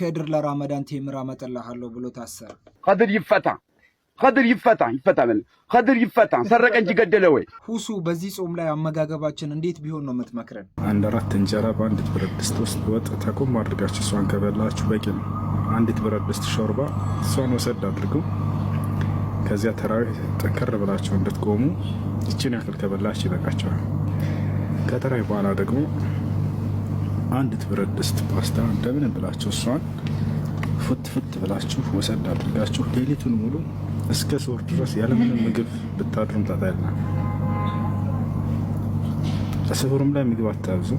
ከድር ለራመዳን ቴምር አመጣልሃለሁ ብሎ ታሰረ። ከድር ይፈታ፣ ከድር ይፈታ፣ ይፈታ፣ ከድር ይፈታ። ሰረቀ እንጂ ገደለ ወይ? ሁሱ በዚህ ጾም ላይ አመጋገባችን እንዴት ቢሆን ነው የምትመክረን? አንድ አራት እንጀራ በአንዲት ብረት ድስት ውስጥ ወጥ ተቆም አድርጋችሁ እሷን ከበላችሁ በቂ ነው። አንዲት ብረት ድስት ሾርባ እሷን ወሰድ አድርገው ከዚያ ተራዊህ ጠንከር ብላችሁ እንድትቆሙ ይችን ያክል ከበላችሁ ይበቃቸዋል። ከተራዊህ በኋላ ደግሞ አንዲት ብረት ድስት ፓስታ እንደምንም ብላችሁ እሷን ፍት ፍት ብላችሁ ወሰድ አድርጋችሁ ሌሊቱን ሙሉ እስከ ሶር ድረስ ያለምንም ምግብ ብታድሩም ታታይልና ከስሁርም ላይ ምግብ አታብዙ።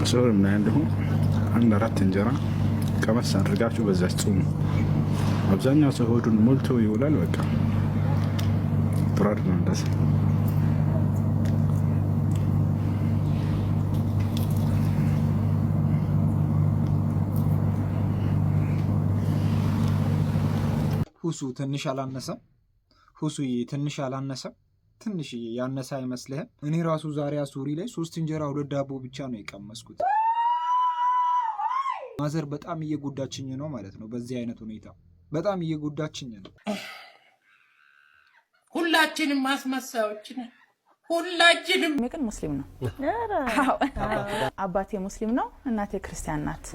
ከስሁርም ላይ እንዲሁም አንድ አራት እንጀራ ቀመስ አድርጋችሁ በዛች ጽሙ። አብዛኛው ሰው ሆዱን ሞልቶ ይውላል። በቃ ብራድ ነው እንደዚህ ሁሱ ትንሽ አላነሰም? ሁሱዬ ትንሽ አላነሰም? ትንሽዬ ያነሰ አይመስልህም? እኔ ራሱ ዛሬ አሱሪ ላይ ሶስት እንጀራ ሁለት ዳቦ ብቻ ነው የቀመስኩት። ማዘር በጣም እየጎዳችኝ ነው ማለት ነው። በዚህ አይነት ሁኔታ በጣም እየጎዳችኝ ነው። ሁላችንም ማስመሳዮች ነን። ሁላችንም ግን ሙስሊም ነው። አባቴ ሙስሊም ነው፣ እናቴ ክርስቲያን ናት።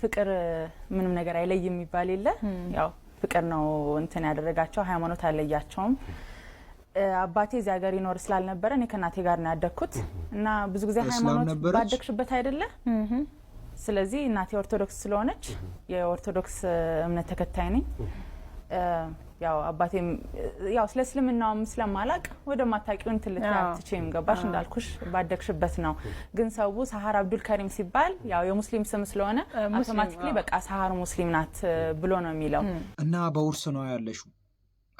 ፍቅር ምንም ነገር አይለይም የሚባል የለ። ያው ፍቅር ነው እንትን ያደረጋቸው፣ ሃይማኖት አለያቸውም አባቴ እዚህ ሀገር ይኖር ስላልነበረ እኔ ከእናቴ ጋር ነው ያደግኩት እና ብዙ ጊዜ ሃይማኖት ባደግሽበት አይደለ። ስለዚህ እናቴ ኦርቶዶክስ ስለሆነች የኦርቶዶክስ እምነት ተከታይ ነኝ። ያው አባቴም ያው ስለ እስልምናውም ስለማላቅ ወደ ማታቂው እንትን ልትችም ገባሽ እንዳልኩሽ ባደግሽበት ነው። ግን ሰው ሳሀር አብዱል ከሪም ሲባል ያው የሙስሊም ስም ስለሆነ አውቶማቲክሊ በቃ ሳሀር ሙስሊም ናት ብሎ ነው የሚለው። እና በውርስ ነው ያለሽው።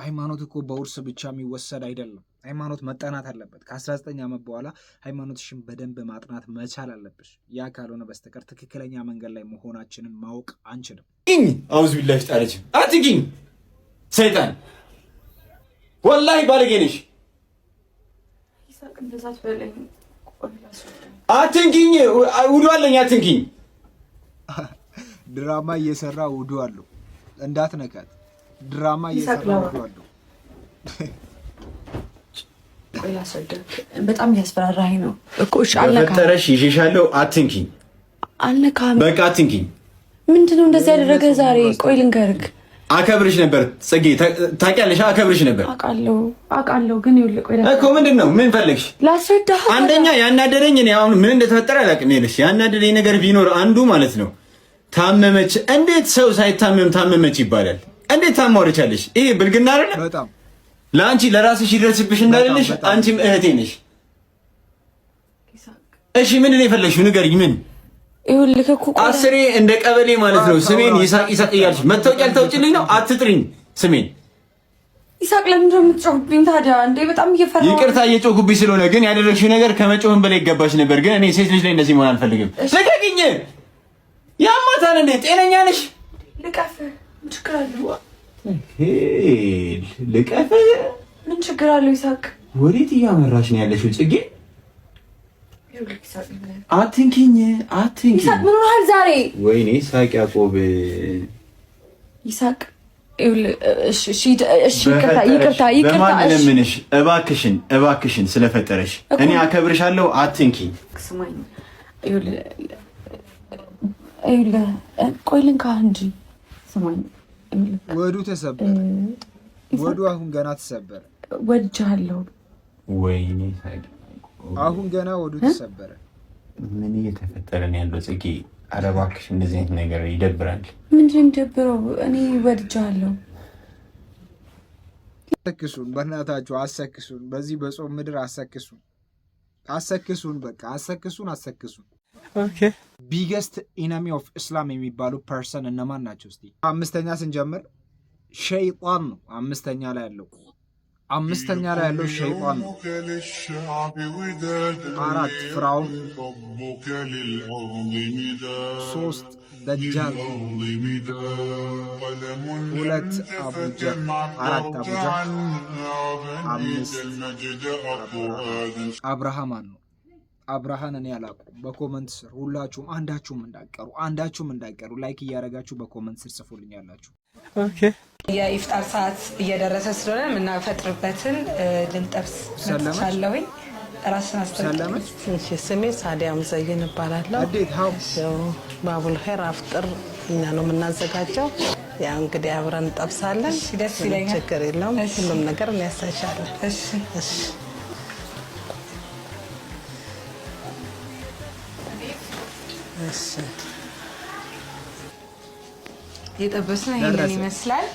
ሃይማኖት እኮ በውርስ ብቻ የሚወሰድ አይደለም። ሃይማኖት መጠናት አለበት። ከ19 ዓመት በኋላ ሃይማኖትሽን በደንብ ማጥናት መቻል አለብሽ። ያ ካልሆነ በስተቀር ትክክለኛ መንገድ ላይ መሆናችንን ማወቅ አንችልም። አውዝ ቢላ ሰይጣን ወላሂ ባለጌ ነሽ። አትንኪኝ፣ ውዱ አለኝ። አትንኪኝ። ድራማ እየሰራ ውዱ አለው። እንዳትነካት። ድራማ እየሰራ ውዱ አለው። በጣም ያስፈራራኝ ነው እኮ። እሺ አልነካሽ፣ አትንኪኝ፣ አልነካም። በቃ አትንኪኝ። ምንድነው እንደዚህ ያደረገ ዛሬ? ቆይ ልንገርህ አከብርሽ ነበር ጽጌ፣ ታውቂያለሽ። አከብርሽ ነበር አውቃለሁ፣ አውቃለሁ። ግን ይልቆ ይላል እኮ ምንድን ነው? ምን ፈልግሽ? ላስረዳህ። አንደኛ ያናደደኝ እኔ አሁን ምን እንደተፈጠረ አላውቅም። ይልሽ ያናደደኝ ነገር ቢኖር አንዱ ማለት ነው ታመመች። እንዴት ሰው ሳይታመም ታመመች ይባላል? እንዴት ታማወረቻለሽ? ይሄ ብልግና አይደለም። በጣም ለአንቺ ለራስሽ ይደርስብሽ እንዳልልሽ፣ አንቺም እህቴ ነሽ። እሺ ምንድን ነው የፈለግሽው? ንገሪኝ ምን ይኸውልህ እኮ አስሬ እንደ ቀበሌ ማለት ነው። ስሜን ይሳቅ ይሳቅ እያልሽ መታወቂያ ልታውጭልኝ ነው? አትጥሪኝ። ስሜን ይሳቅ ለምን ነው ታዲያ? እንደ በጣም እየፈራሁ ይቅርታ፣ እየጮህኩብኝ ስለሆነ ግን ያደረግሽው ነገር ከመጮህን በላይ ይገባሽ ነበር። ግን እኔ ሴት ልጅ ላይ እንደዚህ መሆን አልፈልግም። ልቀቅኝ። ያማታል እንዴ? ጤነኛ ነሽ? ልቀፍ ችግር ልቀፍ ምን ችግር አለው? ይሳቅ ወዴት እያመራሽ ነው ያለሽው ጽጌ? አትንኪኝ አትንኪኝ። ይሳቅ ምን ሆነሃል ዛሬ? ወይኔ ይሳቅ ይሳቅ እባክሽን እባክሽን ስለፈጠረሽ እኔ አከብርሻለሁ። አትንኪ። ቆይ ልንካ እንጂ ወዱ ተሰበረ። ወዱ አሁን ገና ተሰበረ። ወድጃለሁ። ወይኔ አሁን ገና ወዱ ተሰበረ። ምን እየተፈጠረ ነው ያለው? ጽጌ ኧረ እባክሽ እንደዚህ አይነት ነገር ይደብራል። ምንድን የሚደብረው? እኔ ወድጃለሁ። አሰክሱን፣ በእናታችሁ አሰክሱን፣ በዚህ በጾም ምድር አሰክሱን፣ አሰክሱን፣ በቃ አሰክሱን፣ አሰክሱን። ቢገስት ኢነሚ ኦፍ እስላም የሚባሉ ፐርሰን እነማን ናቸው? እስኪ አምስተኛ ስንጀምር ሸይጣን ነው አምስተኛ ላይ ያለው አምስተኛ ላይ ያለው ሸይጣን አራት ፍራውን፣ ሶስት ደጃል፣ ሁለት አቡጃ፣ አራት አቡጃ፣ አምስት አብርሃማን ነው። አብርሃን እኔ ያላቁ በኮመንት ስር ሁላችሁም አንዳችሁም እንዳቀሩ አንዳችሁም እንዳቀሩ ላይክ እያደረጋችሁ በኮመንት ስር ጽፉልኝ ያላችሁ የኢፍጣር ሰዓት እየደረሰ ስለሆነ የምናፈጥርበትን ልንጠብስ ሳለሁኝ ራስን አስተላለመች። ስሜ ሳዲያ ሙዘይን እባላለሁ። ባቡል ኸይር አፍጥር እኛ ነው የምናዘጋጀው። ያ እንግዲህ አብረን እንጠብሳለን። ደስ ይለኛል። ችግር የለውም። ሁሉም ነገር እናያሳሻለን። የጠበስነው ይህንን ይመስላል።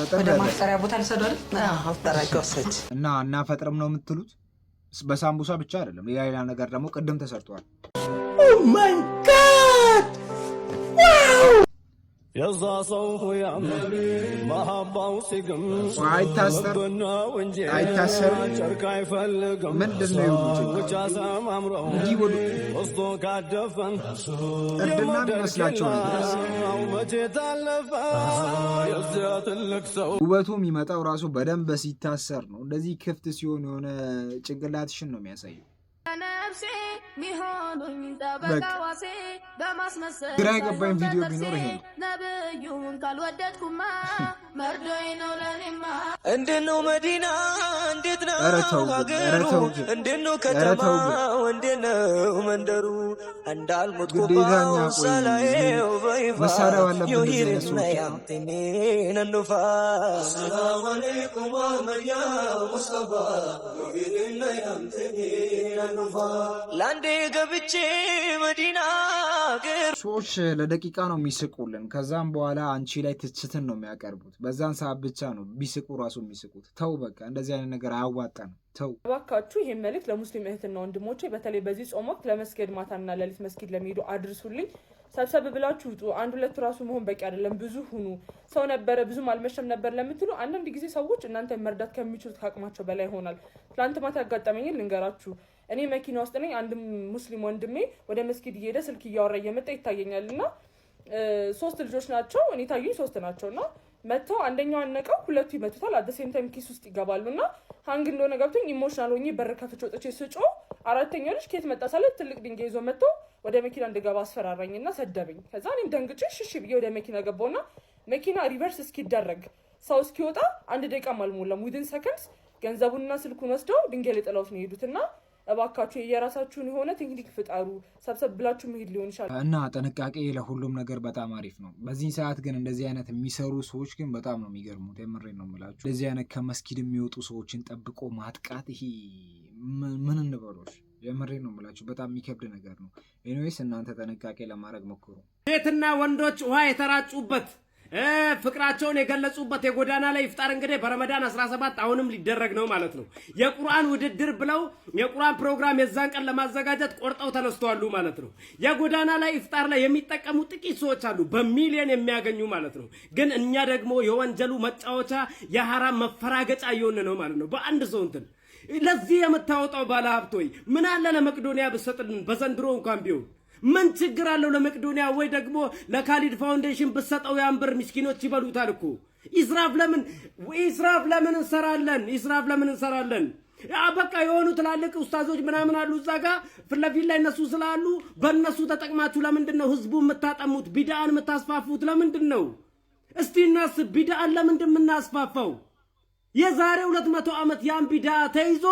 ወደ ማፍጠሪያ ቦታ ልሰዷል እና እናፈጥርም ነው የምትሉት። በሳምቡሳ ብቻ አይደለም፣ ሌላ ሌላ ነገር ደግሞ ቅድም ተሰርተዋል። የዛ ሰው ሁያም መሀባው ሲግም አይታሰርም ጨርቅ አይፈልግም ብቻ ሰማምረው ወስዶ ካደፈን የመዳኛው መቼ ታለፈ። የዚያ ትልቅ ሰው ውበቱ የሚመጣው ራሱ በደንብ ሲታሰር ነው። እንደዚህ ክፍት ሲሆን የሆነ ጭንቅላትሽን ነው የሚያሳየው። ግራ የገባኝ ቪዲዮ ቢኖር ይሄ ነብዩን ካልወደድኩማ መርዶይ ነው ለኔማ። እንዴት ነው መዲና፣ እንዴት ነው ሀገሩ፣ እንዴት ነው ከተማው፣ እንዴት ነው መንደሩ እንዳልሞት ሳላየው በይፋ ዩሂድናያምቲኔን ንፋስ ሰላሙ አለይኩም አህመድ ያ ሙስጠፋ ለአንዴ ገብቼ መዲና ሰዎች ለደቂቃ ነው የሚስቁልን። ከዛም በኋላ አንቺ ላይ ትችትን ነው የሚያቀርቡት። በዛን ሰዓት ብቻ ነው ቢስቁ ራሱ የሚስቁት። ተው በቃ እንደዚህ አይነት ነገር አያዋጣ ነው። ተው እባካችሁ ይህን መልእክት ለሙስሊም እህትና ወንድሞቼ በተለይ በዚህ ጾም ወቅት ለመስገድ ማታና ለሊት መስጊድ ለሚሄዱ አድርሱልኝ። ሰብሰብ ብላችሁ ውጡ። አንድ ሁለት ራሱ መሆን በቂ አይደለም፣ ብዙ ሁኑ። ሰው ነበረ ብዙም አልመሸም ነበር ለምትሉ አንዳንድ ጊዜ ሰዎች እናንተ መርዳት ከሚችሉት ከአቅማቸው በላይ ይሆናል። ትላንት ማታ ያጋጠመኝን ልንገራችሁ። እኔ መኪና ውስጥ ነኝ። አንድ ሙስሊም ወንድሜ ወደ መስጊድ እየሄደ ስልክ እያወራ እየመጣ ይታየኛል እና ሶስት ልጆች ናቸው እኔ ታዩኝ ሶስት ናቸው እና መጥተው አንደኛው ነቀው ሁለቱ ይመቱታል። አደሴም ታይም ኪስ ውስጥ ይገባሉ እና ሀንግ እንደሆነ ገብቶኝ ኢሞሽናል ሆኜ በር ከፍቼ ወጥቼ ስጮ አራተኛው ልጅ ኬት መጣ ሳለ ትልቅ ድንጋይ ይዞ መጥቶ ወደ መኪና እንድገባ አስፈራራኝ እና ሰደበኝ። ከዛ እኔም ደንግጬ ሽሽ ብዬ ወደ መኪና ገባው ገባውና መኪና ሪቨርስ እስኪደረግ ሰው እስኪወጣ አንድ ደቂቃም አልሞላም ዊድን ሰከንድስ ገንዘቡንና ስልኩን ወስደው ድንጋይ ላይ ጥለውት ነው የሄዱት እና እባካችሁ የራሳችሁን የሆነ ቴክኒክ ፍጠሩ። ሰብሰብ ብላችሁ መሄድ ሊሆን ይችላል እና ጥንቃቄ ለሁሉም ነገር በጣም አሪፍ ነው። በዚህ ሰዓት ግን እንደዚህ አይነት የሚሰሩ ሰዎች ግን በጣም ነው የሚገርሙት። የምሬ ነው የምላችሁ። እንደዚህ አይነት ከመስጊድ የሚወጡ ሰዎችን ጠብቆ ማጥቃት ይሄ ምን እንበሎች? የምሬ ነው የምላችሁ። በጣም የሚከብድ ነገር ነው። ኤኒዌይስ እናንተ ጥንቃቄ ለማድረግ ሞክሩ። ሴትና ወንዶች ውሃ የተራጩበት ፍቅራቸውን የገለጹበት የጎዳና ላይ ፍጣር እንግዲህ በረመዳን 17 አሁንም ሊደረግ ነው ማለት ነው። የቁርአን ውድድር ብለው የቁርአን ፕሮግራም የዛን ቀን ለማዘጋጀት ቆርጠው ተነስተዋሉ ማለት ነው። የጎዳና ላይ ፍጣር ላይ የሚጠቀሙ ጥቂት ሰዎች አሉ፣ በሚሊዮን የሚያገኙ ማለት ነው። ግን እኛ ደግሞ የወንጀሉ መጫወቻ የሐራም መፈራገጫ እየሆነ ነው ማለት ነው። በአንድ ሰው እንትን ለዚህ የምታወጣው ባለሀብት ሆይ ምን አለ ለመቅዶኒያ ብሰጥልን በዘንድሮ እንኳን ቢሆን ምን ችግር አለው? ለመቄዶንያ ወይ ደግሞ ለካሊድ ፋውንዴሽን ብሰጠው ያን ብር ምስኪኖች ይበሉታል እኮ። ኢስራፍ ለምን ኢስራፍ ለምን እንሰራለን? ኢስራፍ ለምን እንሰራለን? በቃ የሆኑ ትላልቅ ኡስታዞች ምናምን አሉ እዛ ጋ ፊት ለፊት ላይ እነሱ ስላሉ በእነሱ ተጠቅማችሁ ለምንድን ነው ህዝቡ የምታጠሙት? ቢዳአን የምታስፋፉት ለምንድን ነው? እስቲ እናስብ። ቢዳአን ለምንድን የምናስፋፋው? የዛሬ ሁለት ዓመት ያን ቢዳ ተይዞ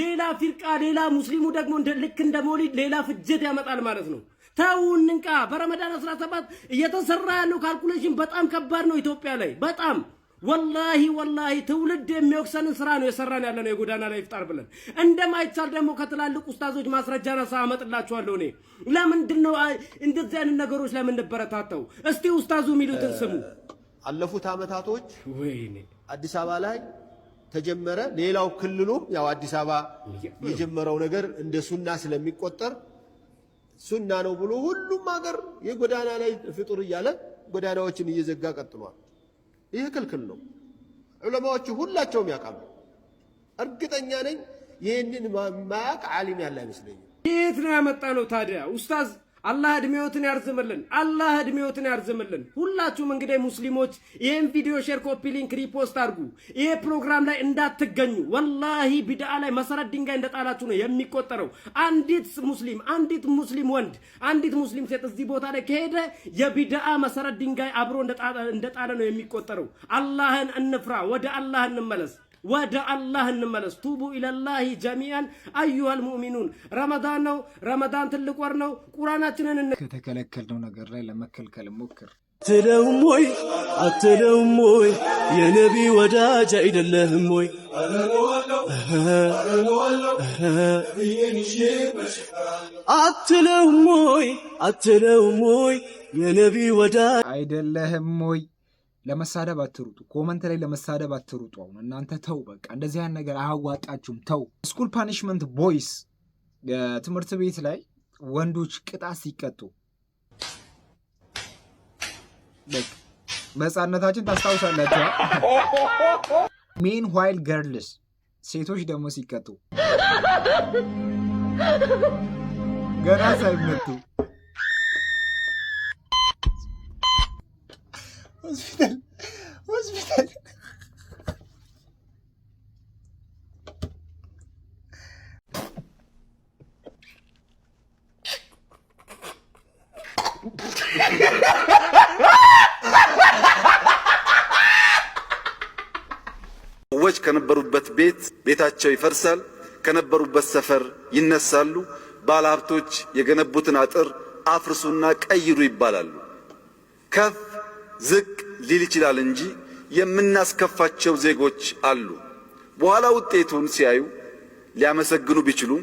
ሌላ ፊርቃ ሌላ ሙስሊሙ ደግሞ ልክ እንደ ሞሊድ ሌላ ፍጀት ያመጣል ማለት ነው። ተው እንንቃ። በረመዳን 17 እየተሰራ ያለው ካልኩሌሽን በጣም ከባድ ነው። ኢትዮጵያ ላይ በጣም ወላሂ ወላሂ ትውልድ የሚወቅሰንን ስራ ነው የሰራን ያለ ነው። የጎዳና ላይ ይፍጣር ብለን እንደማይቻል ደግሞ ከትላልቅ ውስታዞች ማስረጃ ነሳ አመጥላችኋለሁ። እኔ ለምንድን ነው እንደዚህ አይነት ነገሮች ለምንበረታተው? እስቲ ውስታዙ የሚሉትን ስሙ። አለፉት አመታቶች አዲስ አበባ ላይ ተጀመረ። ሌላው ክልሉ ያው አዲስ አበባ የጀመረው ነገር እንደ ሱና ስለሚቆጠር ሱና ነው ብሎ ሁሉም ሀገር የጎዳና ላይ ፍጡር እያለ ጎዳናዎችን እየዘጋ ቀጥሏል። ይህ ክልክል ነው። ዑለማዎቹ ሁላቸውም ያውቃሉ። እርግጠኛ ነኝ ይህንን ማያቅ ዓሊም ያለ አይመስለኝም። የት ነው ያመጣ ነው ታዲያ ኡስታዝ? አላህ እድሜዎትን ያርዝምልን። አላህ እድሜዎትን ያርዝምልን። ሁላችሁም እንግዲህ ሙስሊሞች ይህን ቪዲዮ ሼር፣ ኮፒ ሊንክ፣ ሪፖስት አድርጉ። ይሄ ፕሮግራም ላይ እንዳትገኙ። ወላሂ ቢድአ ላይ መሰረት ድንጋይ እንደጣላችሁ ነው የሚቆጠረው። አንዲት ሙስሊም አንዲት ሙስሊም ወንድ አንዲት ሙስሊም ሴት እዚህ ቦታ ላይ ከሄደ የቢድአ መሰረት ድንጋይ አብሮ እንደጣለ ነው የሚቆጠረው። አላህን እንፍራ፣ ወደ አላህ እንመለስ። ወደ አላህ እንመለስ። ቱቡ ኢለላሂ ጀሚአን አዩሃል ሙእሚኑን። ረመዳን ነው፣ ረመዳን ትልቅ ወር ነው። ቁርአናችንን ከተከለከልነው ነገር ላይ ለመከልከል ሞክር። አትለውም ወይ አትለውም ወይ የነቢ ወዳጅ አይደለህም ወይ? አትለውም ወይ አትለውም ወይ የነቢ ወዳጅ አይደለህም ወይ? ለመሳደብ አትሩጡ። ኮመንት ላይ ለመሳደብ አትሩጡ። አሁን እናንተ ተው፣ በቃ እንደዚህ አይነት ነገር አያዋጣችሁም። ተው። ስኩል ፓኒሽመንት ቦይስ ትምህርት ቤት ላይ ወንዶች ቅጣት ሲቀጡ በህፃነታችን ታስታውሳላችሁ። ሜን ዋይል ገርልስ ሴቶች ደግሞ ሲቀጡ ገና ሳይመቱ ሆስፒታል ሆስፒታል ሰዎች ከነበሩበት ቤት ቤታቸው ይፈርሳል፣ ከነበሩበት ሰፈር ይነሳሉ። ባለሀብቶች የገነቡትን አጥር አፍርሱና ቀይሩ ይባላሉ። ከፍ ዝቅ ሊል ይችላል እንጂ የምናስከፋቸው ዜጎች አሉ። በኋላ ውጤቱን ሲያዩ ሊያመሰግኑ ቢችሉም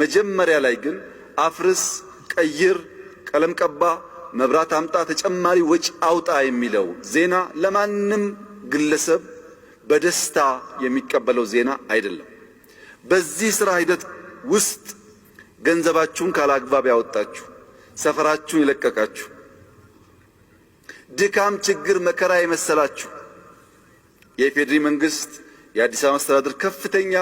መጀመሪያ ላይ ግን አፍርስ፣ ቀይር፣ ቀለም ቀባ፣ መብራት አምጣ፣ ተጨማሪ ወጪ አውጣ የሚለው ዜና ለማንም ግለሰብ በደስታ የሚቀበለው ዜና አይደለም። በዚህ ስራ ሂደት ውስጥ ገንዘባችሁን ካላግባብ ያወጣችሁ፣ ሰፈራችሁን የለቀቃችሁ ድካም፣ ችግር፣ መከራ የመሰላችሁ የኢፌዴሪ መንግስት የአዲስ አበባ መስተዳድር ከፍተኛ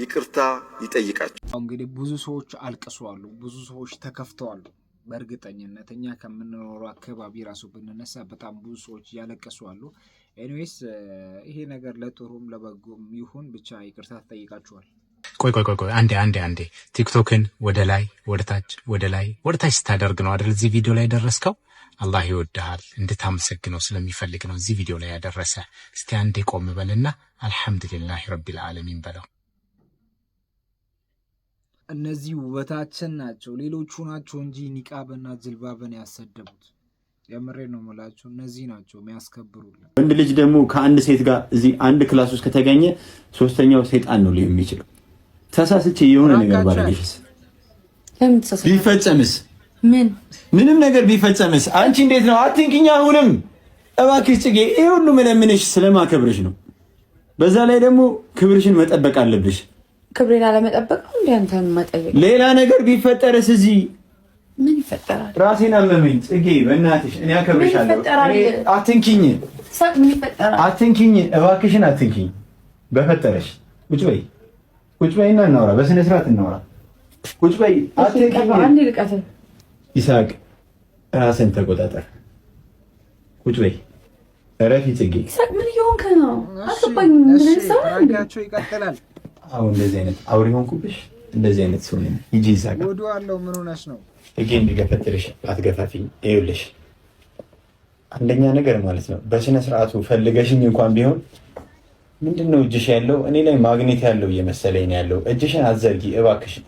ይቅርታ ይጠይቃችሁ። እንግዲህ ብዙ ሰዎች አልቅሰዋል፣ ብዙ ሰዎች ተከፍተዋል። በእርግጠኝነት እኛ ከምንኖረው አካባቢ ራሱ ብንነሳ በጣም ብዙ ሰዎች ያለቀሱ አሉ። ኤኒዌይስ ይሄ ነገር ለጥሩም ለበጎም ይሁን ብቻ ይቅርታ ትጠይቃችኋል። ቆይ ቆይ ቆይ አንዴ አንዴ አንዴ ቲክቶክን ወደ ላይ ወደ ታች ወደ ላይ ወደ ታች ስታደርግ ነው አይደል እዚህ ቪዲዮ ላይ ደረስከው። አላህ ይወድሃል እንድታመሰግነው ስለሚፈልግ ነው እዚህ ቪዲዮ ላይ ያደረሰ። እስቲ አንዴ ቆም በልና አልሐምዱሊላህ ረቢል ዓለሚን በለው። እነዚህ ውበታችን ናቸው። ሌሎቹ ናቸው እንጂ ኒቃብና ጅልባብን ያሰደቡት። የምሬ ነው የምላችሁ፣ እነዚህ ናቸው የሚያስከብሩልን። ወንድ ልጅ ደግሞ ከአንድ ሴት ጋር እዚህ አንድ ክላስ ውስጥ ከተገኘ ሶስተኛው ሰይጣን ነው ሊሆን የሚችለው ተሳስቼ የሆነ ነገር ባደረግሽስ ቢፈጸምስ ምን ምንም ነገር ቢፈጸምስ አንቺ እንዴት ነው አትንኪኝ አሁንም እባክሽ ጽጌ ይህ ሁሉ መለምንሽ ስለማከብርሽ ነው በዛ ላይ ደግሞ ክብርሽን መጠበቅ አለብሽ ክብሬን አለመጠበቅ ነው እንደ አንተ መጠየቅ ሌላ ነገር ቢፈጠርስ እዚህ ምን ይፈጠራል ራሴን አመመኝ ጽጌ በእናትሽ እኔ አከብርሻለሁ አትንኪኝ አትንኪኝ እባክሽን አትንኪኝ በፈጠረሽ ቁጭ በይ ቁጭ በይና እናውራ፣ በስነ ስርዓት እናውራ። ቁጭ በይ ይስሐቅ፣ ራስን ተቆጣጠር። ቁጭ በይ እረፊ። ፅጌ ይስሐቅ፣ ምን እየሆንክ ነው? አልገባኝም። ይቀጥላል። አሁን እንደዚህ አይነት አውሪ ሆንኩብሽ። እንደዚህ አይነት ሰው ነኝ እንጂ ይስሐቅ፣ ምን ሆነሽ ነው? ፅጌ እንዲገፈትርሽ አትገፋፊኝ። ይኸውልሽ፣ አንደኛ ነገር ማለት ነው በስነ ስርዓቱ ፈልገሽኝ እንኳን ቢሆን ምንድን ነው እጅሽ ያለው እኔ ላይ ማግኔት ያለው እየመሰለኝ ያለው እጅሽን አዘርጊ እባክሽን።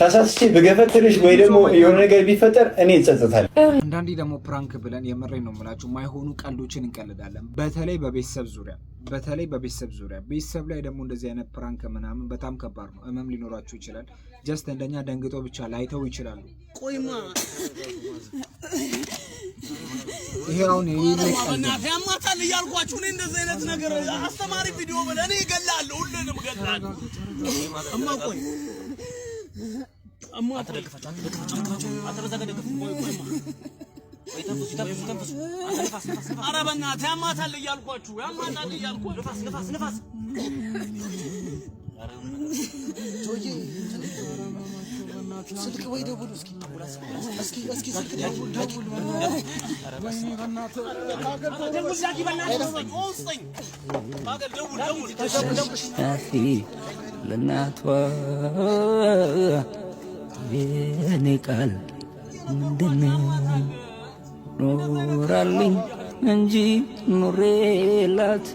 ተሳስቼ ብገፈትልሽ ወይ ደግሞ የሆነ ነገር ቢፈጠር እኔ ይጸጸታል። አንዳንዴ ደግሞ ፕራንክ ብለን የምሬ ነው የምላችሁ ማይሆኑ ቀልዶችን እንቀልዳለን። በተለይ በቤተሰብ ዙሪያ በተለይ በቤተሰብ ዙሪያ ቤተሰብ ላይ ደግሞ እንደዚህ አይነት ፕራንክ ምናምን በጣም ከባድ ነው። እመም ሊኖራችሁ ይችላል። ጀስት እንደኛ ደንግጦ ብቻ ላይተው ይችላሉ። ቆይማ ይሄ አሁን ያማታል እያልኳችሁ እኔ እንደዚህ አይነት ነገር አስተማሪ ቪዲዮ ብለህ እኔ እገላለሁ፣ ሁሉንም እገላለሁ። እማ ቆይ ያማታል እያልኳችሁ ያማታል እያልኳችሁ ንፋስ ንፋስ ንፋስ ስልክ ወይ ደውሉ እስኪ እስኪ እስኪ ስልክ ደውሉ ደውሉ። በእናትህ ለእናቷ የኔ ቃል ምንድን ኖራልኝ እንጂ ኑሬላት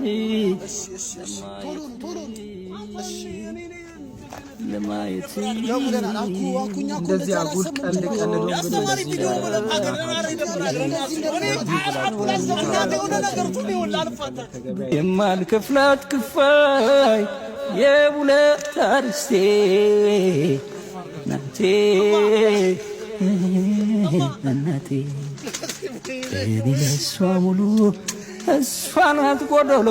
ለማየት እንደዚህ አጉል ቀልድ ቀልዶ የማልከፍላት ክፋይ የሁለት አርስቴ ናቴ እናቴ እኔ ለእሷ ሙሉ እሷ ናት ጎደሎ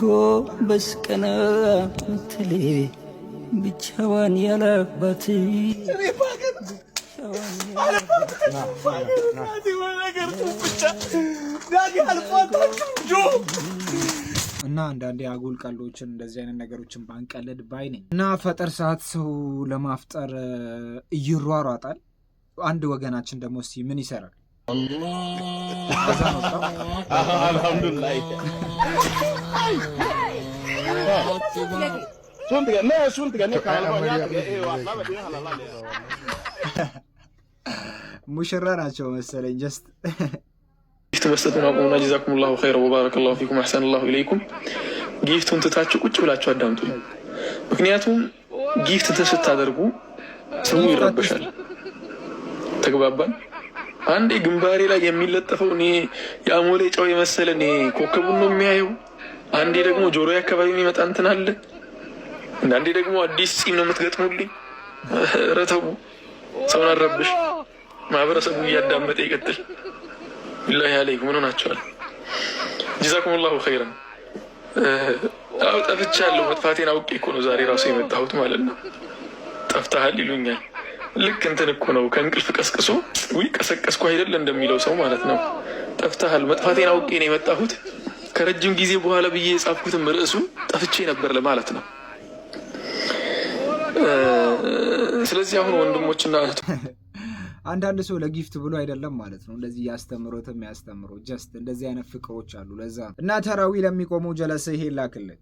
ጎንበስ ቀና ምትል ብቻዋን ያላባት እና አንዳንዴ አጉል ቀልዶችን እንደዚህ አይነት ነገሮችን ባንቀልድ ባይ ነኝ። እና ፈጠር ሰዓት ሰው ለማፍጠር ይሯሯጣል። አንድ ወገናችን ደግሞ እስኪ ምን ይሰራል? አልሐምዱሊላህ ሙሽራ ናቸው መሰለኝ። ጀስት ጊፍት መስጠቱን አቁሙና ጀዛኩሙላሁ ኸይረን ላሁ ፊኩም ላሁ ኢለይኩም። ጊፍቱን ትታችሁ ቁጭ ብላችሁ አዳምጡ። ምክንያቱም ጊፍት ትን ስታደርጉ ስሙ ይረበሻል። ተግባባን? አንዴ ግንባሬ ላይ የሚለጠፈው እኔ የአሞሌ ጨው የመሰለ እኔ ኮከቡን ነው የሚያየው። አንዴ ደግሞ ጆሮ አካባቢ የሚመጣ እንትን አለ። አንዴ ደግሞ አዲስ ጺም ነው የምትገጥሙልኝ። ረተቡ ሰውን አረብሽ ማህበረሰቡ እያዳመጠ ይቀጥል። ቢላሂ አለይኩ ምን ሆናቸዋል? ጀዛኩሙላሁ ኸይረን። ጠፍቻ ጠፍቻለሁ። መጥፋቴን አውቄ እኮ ነው ዛሬ ራሱ የመጣሁት ማለት ነው። ጠፍተሃል ይሉኛል። ልክ እንትን እኮ ነው ከእንቅልፍ ቀስቅሶ ውይ ቀሰቀስኩ አይደለ እንደሚለው ሰው ማለት ነው። ጠፍተሃል፣ መጥፋቴን አውቄ ነው የመጣሁት ከረጅም ጊዜ በኋላ ብዬ የጻፍኩትም ርዕሱ ጠፍቼ ነበር ለማለት ነው። ስለዚህ አሁን ወንድሞችና አንዳንድ ሰው ለጊፍት ብሎ አይደለም ማለት ነው እንደዚህ ያስተምሮትም ያስተምሮ ጀስት እንደዚህ አይነት ፍቅሮች አሉ። ለዛ እና ተራዊ ለሚቆመው ጀለሰ ይሄ ላክልን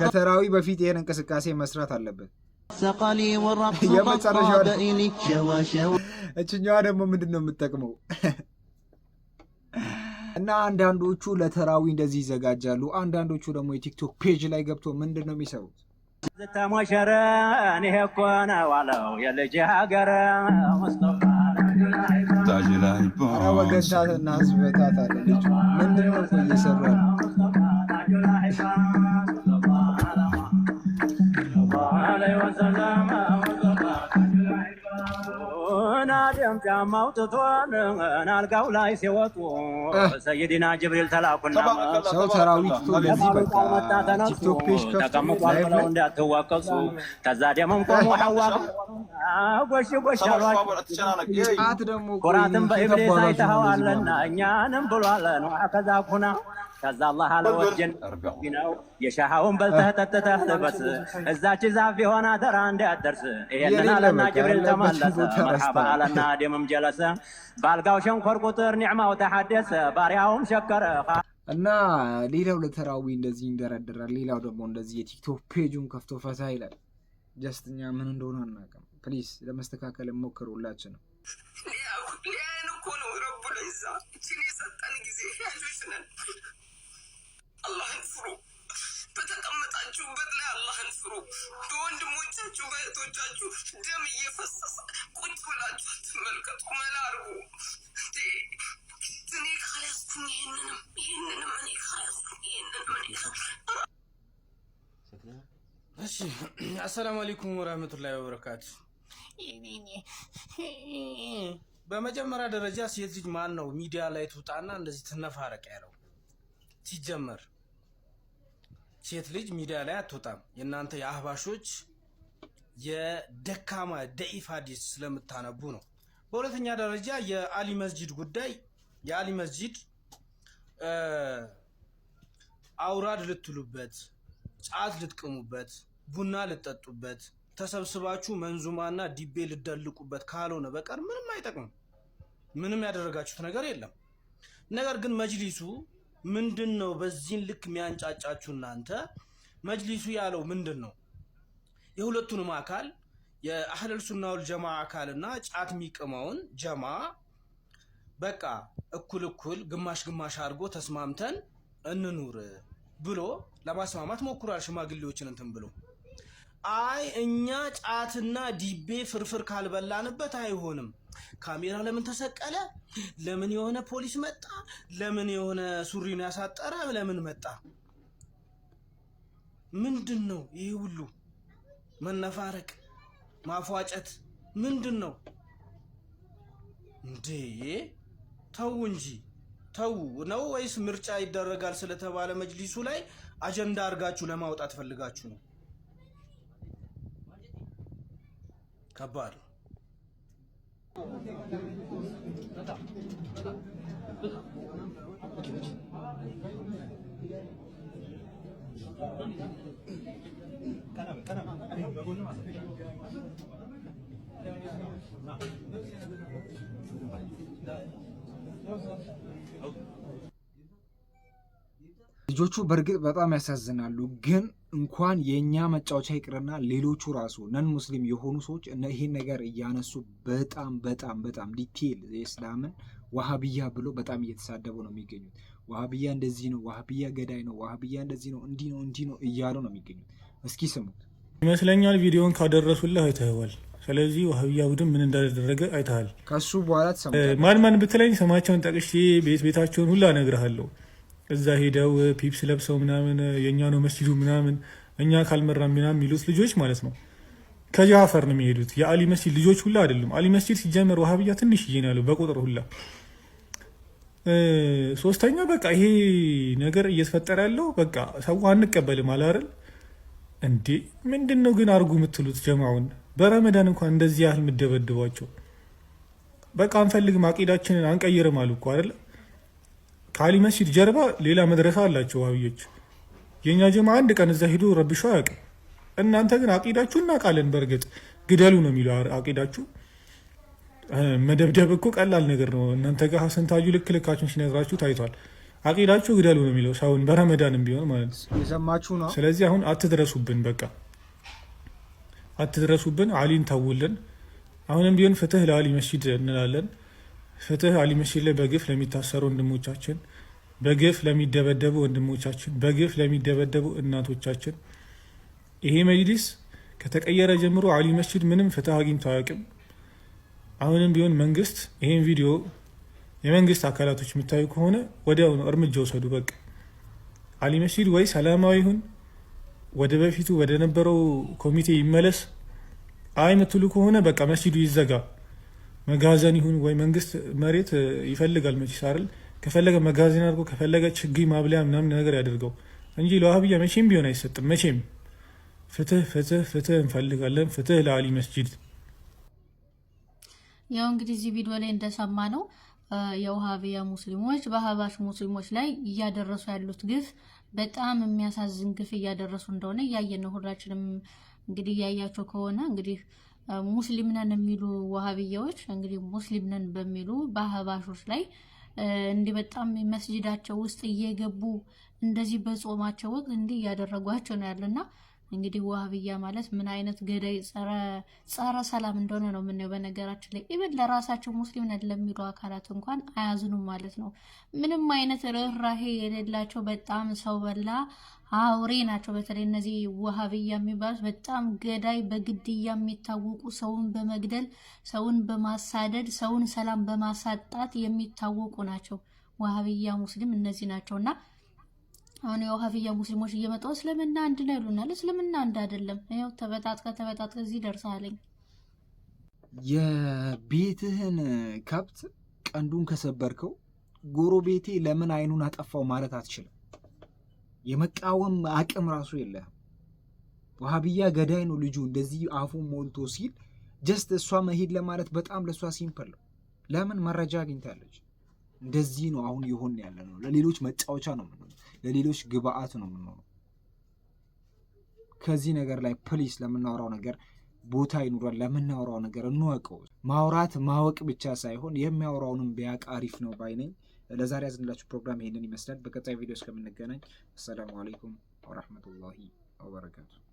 ከተራዊ በፊት ይሄን እንቅስቃሴ መስራት አለበት። እችኛዋ ደግሞ ምንድን ነው የምጠቅመው? እና አንዳንዶቹ ለተራዊ እንደዚህ ይዘጋጃሉ። አንዳንዶቹ ደግሞ የቲክቶክ ፔጅ ላይ ገብቶ ምንድን ነው የሚሰሩት? ዝተሞሸረ እኔ እኮ ሀገር ህዝብ በታታ ምንድነው እየሰራ ነው? ጫማ አውጥቶ አልጋው ላይ ሲወጡ ሰይድና ጅብሪል ተላኩና ሰው ሰራዊት ቲክቶክ ፔጅ ከፍቶ እንዳትዋቀሱ። ከዛ ደሞም ቆሙ ሐዋ ጎሽ ጎሽ አሏቸው። ኩራትን በኢብሊስ አይተኸዋልና እኛንም ብሏለን ከዛ ኩና ከዛ አላህ አለወጀን ነው የሻሃውን በልተህ ጠጥተህ ልበስ፣ እዛች ዛፍ የሆነ ተራ እንዳያደርስ። ይሄንን አለና ጅብሪል ተመለሰ፣ መርሓባ አለና ደምም ጀለሰ። ባልጋው ሸንኮር ቁጥር ኒዕማው ተሐደሰ፣ ባሪያውም ሸከረ። እና ሌላው ለተራዊ እንደዚህ ይንደረደራል። ሌላው ደግሞ እንደዚህ የቲክቶክ ፔጁን ከፍቶ ፈታ ይላል። ጀስት ምን እንደሆነ አናውቅም። ፕሊስ ለመስተካከል ሞክር ሁላችን ነው እኮ ነው የሰጠን ጊዜ ነን አላህን ፍሩ። በተቀመጣችሁበት ላይ አላህን ፍሩ። በወንድሞቻችሁ በእህቶቻችሁ ደም እየፈሰሰ ቁጭ ብላችሁ አትመልከቱ። መላ አርጉ እኔ ካልያዝኩኝ ይህንንም ይህንንም እኔ ካልያዝኩኝ ይህንንም እኔ እሺ አሰላሙ አለይኩም ወራህመቱላሂ ወበረካቱ። በመጀመሪያ ደረጃ ሴት ልጅ ማን ነው ሚዲያ ላይ ትውጣና እንደዚህ ትነፋረቅ ያለው ሲጀመር ሴት ልጅ ሚዲያ ላይ አትወጣም። የእናንተ የአህባሾች የደካማ ደኢፍ ሀዲስ ስለምታነቡ ነው። በሁለተኛ ደረጃ የአሊ መስጂድ ጉዳይ የአሊ መስጂድ አውራድ ልትሉበት፣ ጫት ልትቅሙበት፣ ቡና ልትጠጡበት፣ ተሰብስባችሁ መንዙማና ዲቤ ልደልቁበት ካልሆነ በቀር ምንም አይጠቅምም። ምንም ያደረጋችሁት ነገር የለም። ነገር ግን መጅሊሱ ምንድን ነው በዚህን ልክ የሚያንጫጫችሁ እናንተ? መጅሊሱ ያለው ምንድን ነው? የሁለቱንም አካል የአህለል ሱናውል ጀማ አካልና ጫት የሚቅመውን ጀማ በቃ እኩል እኩል ግማሽ ግማሽ አድርጎ ተስማምተን እንኑር ብሎ ለማስማማት ሞክሯል። ሽማግሌዎችን እንትን ብሎ አይ እኛ ጫትና ዲቤ ፍርፍር ካልበላንበት አይሆንም። ካሜራ ለምን ተሰቀለ? ለምን የሆነ ፖሊስ መጣ? ለምን የሆነ ሱሪን ያሳጠረ ለምን መጣ? ምንድን ነው ይህ ሁሉ መነፋረቅ፣ ማፏጨት ምንድን ነው እንዴ? ተው እንጂ ተው ነው ወይስ ምርጫ ይደረጋል ስለተባለ መጅሊሱ ላይ አጀንዳ አድርጋችሁ ለማውጣት ፈልጋችሁ ነው? Acabaram. ልጆቹ በእርግጥ በጣም ያሳዝናሉ። ግን እንኳን የእኛ መጫወቻ ይቅርና ሌሎቹ ራሱ ነን ሙስሊም የሆኑ ሰዎች ይህን ነገር እያነሱ በጣም በጣም በጣም ዲቴል የእስላምን ዋሃብያ ብሎ በጣም እየተሳደቡ ነው የሚገኙት። ዋሃብያ እንደዚህ ነው፣ ዋሃብያ ገዳይ ነው፣ ዋሃብያ እንደዚህ ነው፣ እንዲህ ነው፣ እንዲህ ነው እያሉ ነው የሚገኙት። እስኪ ስሙት ይመስለኛል። ቪዲዮን ካደረሱልህ አይተኸዋል። ስለዚህ ዋህብያ ቡድን ምን እንዳደረገ አይተሃል። ከሱ በኋላ ማን ማን ብትለኝ ስማቸውን ጠቅሼ ቤት ቤታቸውን ሁላ እነግርሃለሁ። እዛ ሄደው ፒፕስ ለብሰው ምናምን የእኛ ነው መስጂዱ ምናምን እኛ ካልመራ ምናምን የሚሉት ልጆች ማለት ነው። ከጃፈር ነው የሚሄዱት። የአሊ መስጂድ ልጆች ሁላ አይደሉም። አሊ መስጂድ ሲጀመር ውሃብያ ትንሽዬ ነው ያለው በቁጥር ሁላ። ሶስተኛ በቃ ይሄ ነገር እየተፈጠረ ያለው በቃ ሰው አንቀበልም አላርል? እንዴ ምንድን ነው ግን አርጉ የምትሉት ጀማውን በረመዳን እንኳን እንደዚህ ያህል የምደበድቧቸው በቃ አንፈልግም አቂዳችንን አንቀይርም አሉ እኮ አይደለም ከአሊ መስጂድ ጀርባ ሌላ መድረሳ አላቸው ዋብዮች። የእኛ ጀማ አንድ ቀን እዛ ሂዶ ረብሾ አያውቅም። እናንተ ግን አቂዳችሁ እናውቃለን። በእርግጥ ግደሉ ነው የሚለው አቂዳችሁ። መደብደብ እኮ ቀላል ነገር ነው። እናንተ ጋር ሀሰንታጁ ልክ ልካችሁን ሲነግራችሁ ታይቷል። አቂዳችሁ ግደሉ ነው የሚለው ሰውን በረመዳንም ቢሆን ማለት ነው። ስለዚህ አሁን አትድረሱብን፣ በቃ አትድረሱብን። አሊን ታውልን። አሁንም ቢሆን ፍትህ ለአሊ መስጂድ እንላለን። ፍትህ አሊመሽሌ በግፍ ለሚታሰሩ ወንድሞቻችን፣ በግፍ ለሚደበደቡ ወንድሞቻችን፣ በግፍ ለሚደበደቡ እናቶቻችን ይሄ መጅሊስ ከተቀየረ ጀምሮ አሊ መስጅድ ምንም ፍትህ አግኝቶ አያውቅም። አሁንም ቢሆን መንግስት ይሄን ቪዲዮ የመንግስት አካላቶች የሚታዩ ከሆነ ወዲያውኑ እርምጃ ውሰዱ። በቃ አሊ ወይ ሰላማዊ ይሁን፣ ወደ በፊቱ ወደ ነበረው ኮሚቴ ይመለስ። አይ ምትሉ ከሆነ በቃ መስጂዱ ይዘጋ። መጋዘን ይሁን ወይ መንግስት መሬት ይፈልጋል መቼስ አይደል? ከፈለገ መጋዘን አድርጎ ከፈለገ ችግኝ ማብለያ ምናምን ነገር ያደርገው እንጂ ለዋህብያ መቼም ቢሆን አይሰጥም። መቼም ፍትህ ፍትህ ፍትህ እንፈልጋለን። ፍትህ ለአሊ መስጂድ። ያው እንግዲህ እዚህ ቪዲዮ ላይ እንደሰማ ነው የውሃብያ ሙስሊሞች በሀባሽ ሙስሊሞች ላይ እያደረሱ ያሉት ግፍ በጣም የሚያሳዝን ግፍ እያደረሱ እንደሆነ እያየን ነው። ሁላችንም እንግዲህ እያያቸው ከሆነ እንግዲህ ሙስሊም ነን የሚሉ ዋሃብያዎች እንግዲህ ሙስሊም ነን በሚሉ በአህባሾች ላይ እንዲህ በጣም መስጅዳቸው ውስጥ እየገቡ እንደዚህ በጾማቸው ወቅት እንዲህ እያደረጓቸው ነው ያለና እንግዲህ ዋህብያ ማለት ምን አይነት ገዳይ ጸረ ሰላም እንደሆነ ነው የምናየው። በነገራችን ላይ ኢቨን ለራሳቸው ሙስሊም ነን ለሚሉ አካላት እንኳን አያዝኑም ማለት ነው። ምንም አይነት ርኅራሄ የሌላቸው በጣም ሰው በላ አውሬ ናቸው። በተለይ እነዚህ ዋሃብያ የሚባሉት በጣም ገዳይ፣ በግድያ የሚታወቁ ሰውን በመግደል ሰውን በማሳደድ ሰውን ሰላም በማሳጣት የሚታወቁ ናቸው። ዋሃብያ ሙስሊም እነዚህ ናቸው እና አሁን የውሀፍያ ሙስሊሞች እየመጣው እስልምና አንድ ነው ይሉናል። እስልምና አንድ አይደለም። ይኸው ተበጣጥቀ ተበጣጥቀ እዚህ ደርሳለኝ። የቤትህን ከብት ቀንዱን ከሰበርከው ጎረቤቴ ለምን አይኑን አጠፋው ማለት አትችልም። የመቃወም አቅም ራሱ የለህም። ውሀብያ ገዳይ ነው ልጁ እንደዚህ አፉ ሞልቶ ሲል ጀስት እሷ መሄድ ለማለት በጣም ለእሷ ሲምፕል ነው። ለምን መረጃ አግኝታለች። እንደዚህ ነው አሁን የሆን ያለ ነው። ለሌሎች መጫወቻ ነው። ለሌሎች ግብአት ነው የምንሆነው። ከዚህ ነገር ላይ ፕሊስ ለምናወራው ነገር ቦታ ይኑረን። ለምናወራው ነገር እንወቀው። ማውራት ማወቅ ብቻ ሳይሆን የሚያወራውንም ቢያቅ አሪፍ ነው ባይነኝ። ለዛሬ ያዝንላችሁ ፕሮግራም ይሄንን ይመስላል። በቀጣይ ቪዲዮ እስከምንገናኝ አሰላሙ አለይኩም ወረህመቱላሂ ወበረካቱ።